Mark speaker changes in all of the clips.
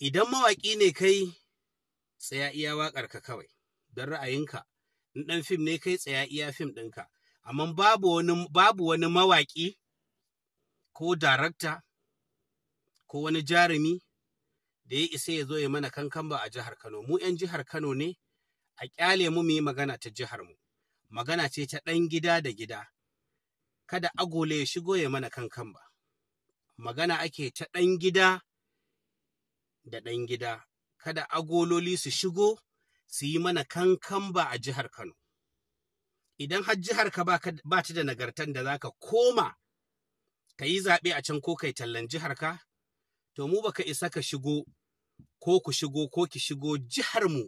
Speaker 1: idan mawaƙi ne kai tsaya iya waƙarka kawai don ra'ayinka in ɗan fim ne kai tsaya iya fim ɗinka amma babu wani mawaƙi ko darakta ko wani jarumi da ya isa ya zo ya mana kankan ba a jihar Kano mu 'yan jihar Kano ne a ƙyale mu mu yi magana ta jihar mu magana ce ta ɗan gida da gida kada agole ya shigo ya mana kankan ba magana ake ta ɗan gida da ɗan gida, kada agololi su shigo su yi mana kankan ba a jihar Kano. Idan har jihar ka ba ta da nagartan da za ka koma ka yi zaɓe a can ko kai tallan jihar ka, to mu baka isa ka shigo ko ku shigo ko ki shigo jihar mu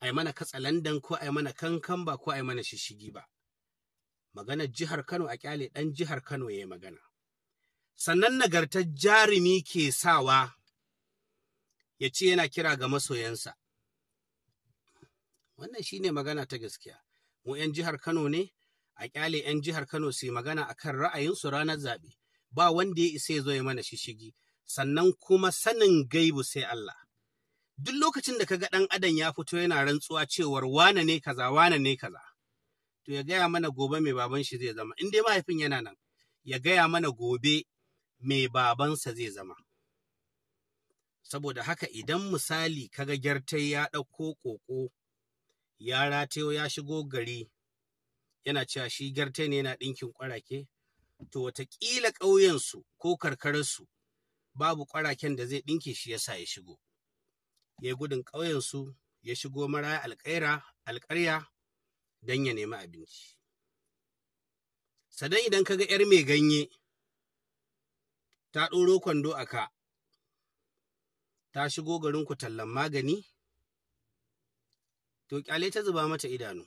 Speaker 1: a yi mana katsalandan ko a yi mana kankan ba ko a yi mana shishigi ba. Maganar jihar Kano a ƙyale ɗan jihar Kano ya yi magana. Sannan nagartar jarumi ke sawa ya ce yana kira ga masoyansa. Wannan shi ne magana ta gaskiya, mu ‘yan jihar Kano ne, a ƙyale ‘yan jihar Kano su yi magana a kan ra'ayinsu ranar zaɓe, ba wanda ya isa ya zo ya mana shishigi, sannan kuma sanin gaibu sai Allah. Duk lokacin da kaga ɗan adam ya fito yana rantsuwa cewar wane ne kaza, wane ne kaza, to ya gaya mana gobe mai baban shi zai zama, in dai mahaifin yana nan, ya gaya mana gobe mai babansa zai zama. saboda haka idan misali kaga gyartai ya ɗauko ƙoƙo ya ratayo ya shigo gari yana cewa shi gyartai ne yana ɗinkin ƙwarake to wataƙila ƙauyensu ko karkararsu babu ƙwaraken da zai ɗinke shi yasa ya shigo ya gudun ƙauyensu ya shigo maraya alƙaira alƙarya don ya nemi abinci sadan idan kaga ‘yar mai ganye ta ɗoro kwando a ka ta shigo ku tallan magani to kyale ta zuba mata idanu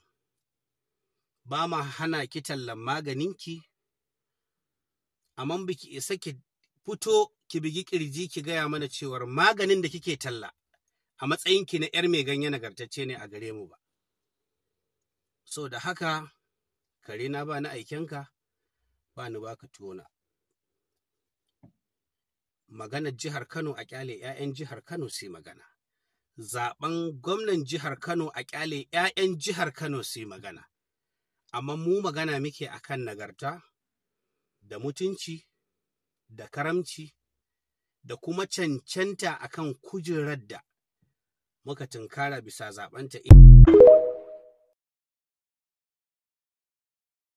Speaker 1: ba ma hana ki tallan maganin maganinki amma biki isa ki fito ki bigi ƙirji ki gaya mana cewar maganin da kike talla a matsayinki na 'yar mai ganye nagartacce ne a gare mu ba so da haka kare na ba na aikenka ba ni baka tona. maganar jihar Kano a kyale 'ya'yan jihar Kano sai magana. Zaben gwamnan jihar Kano a kyale 'ya'yan jihar Kano su magana. Amma mu magana muke akan nagarta da mutunci da karamci da kuma cancanta akan kujerar da muka tunkara bisa zaɓenta.